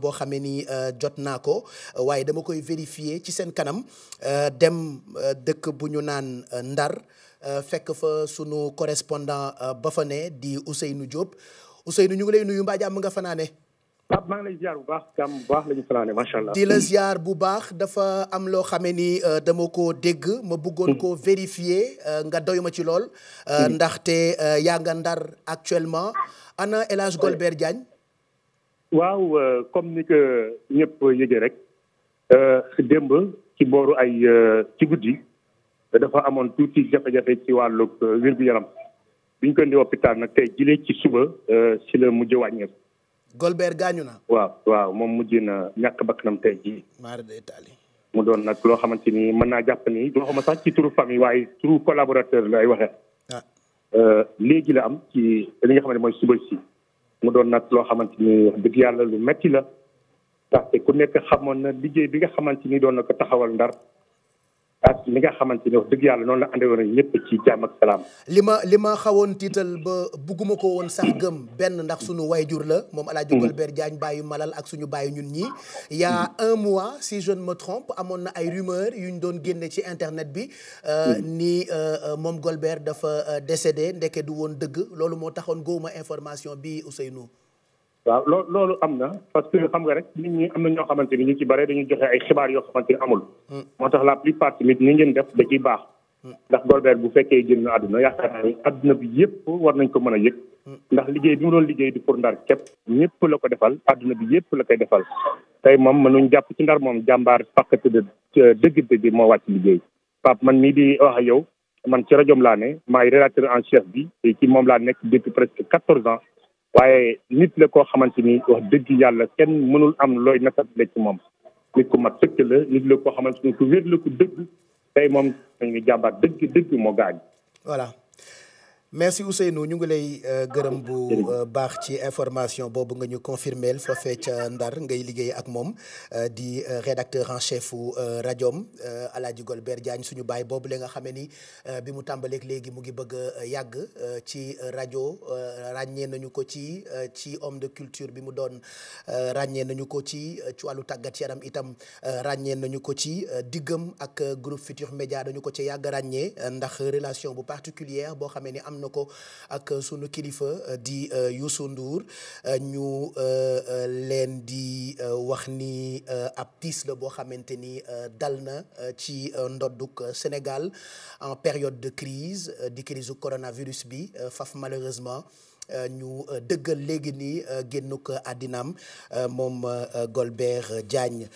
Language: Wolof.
boo xamee ni euh, jot naa ko euh, waaye dama koy vérifier ci seen kanam euh, dem dëkk bu ñu naan Ndar fekk fa sunu correspondant ba fa ne di Ousseynou Diop Ousseynou ñu ngi lay nuyu mbaa nga fanaane Pape di la bu baax dafa am loo xamee ni dama ko dégg ma buggoon ko vérifier nga doy ma ci lool mm-hmm. ndaxte yaa nga Ndar actuellement ana El Golbert Diagne waaw euh, comme ni ko ñëpp yëge rek euh, démb ci booru ay euh, ci guddi dafa amoon tuuti jafe-jafe ci wàllu wér-gu-yaram bi ñu ko di hôpital nag tey jile ci suba si la mujj wàññeeku. Golbert gaañu na. waaw waaw moom mujjee na ñàkk nam tey jii. maar de mu doon nag loo xamante ni mën naa jàpp ni doo xama sax ci turu famille waaye turu collaborateur lay waxee. Ah. léegi la am ci li nga xamante mooy suba si. mu doon nag loo xamante ni wax dëgg yàlla lu metti la ndaxte ku nekk xamoon na liggéey bi nga xamante ni doon na ko taxawal ndar ak li nga xamante ne wax dëgg yàlla noonu la àndewoon ñëpp ci jàmm ak salaam. li ma li ma xawoon tiital ba bugguma ko woon sax gëm benn ndax suñu jur la moom El Hadj Golbert mm-hmm. Diagne bàyyu malal ak suñu bàyyu ñun ñii. yaa a mm-hmm. un mois si je ne me amoon na ay rumeur yu ñu doon génne ci internet bi. Euh, mm-hmm. ni euh, moom golbeer dafa euh, décédé ndeke du woon dëgg loolu moo taxoon góob ma information bi noo waaw loo loolu am na parce que xam nga rek nit ñi am na ñoo xamante ni ñu ci bare dañu joxe ay xibaar yoo xamante ni amul. Mm. moo tax la plupart tamit ñu ngeen def da ciy baax. Mm. ndax Golbert bu fekkee génn na àdduna yaakaar naa ni àdduna bi yëpp war nañ ko mën a yëg. Mm. ndax liggéey bi mu doon liggéey di pour ndar képp ñëpp la ko defal àdduna bi yëpp la koy defal. tey moom mënuñ jàpp ci ndar moom jàmbaar pàqati de dëgg-dëgg moo wàcc liggéey. Pape man mii di wax ak yow man ci rajoom laa ne maay rédacteur en chef bi moom laa nekk depuis presque quatorze waaye nit la koo xamante ni wax dëgg yàlla kenn mënul am looy natable ci moom nit ku mat sëkk la nit la koo xamante ni ku wér la ko dëgg tey moom dañuy jàmbaar dëgg dëgg moo gaañ voilà merci Ousseynou ñu ngi lay euh, ah, gërëm bu euh, baax ci information boobu nga ñu confirmeel foofee ca Ndar ngay liggéey ak moom euh, di rédacteur en chef u rajom Alaaji Golbert Diagne suñu baay boobu la nga xamee ni bi mu tàmbaleek léegi mu ngi bëgg yàgg ci rajo ràññee nañu ko ci ci homme de culture bi mu doon ràññee nañu ko ci ci wàllu tàggat yaram itam ràññee nañu ko ci diggam ak groupe Futur Média dañu ko ci yàgg ràññee ndax relation bu particulière boo xamee na ko ak sunu kilifa euh, di euh, Youssou nduur euh, ñu leen di wax ni ab tiis la boo xamante ni dal na ci ndodduk Sénégal en période de crise di crise coronavirus bi faf malheureusement ñu dëggal léegi nii génnuk àddinaam moom Golbert Diagne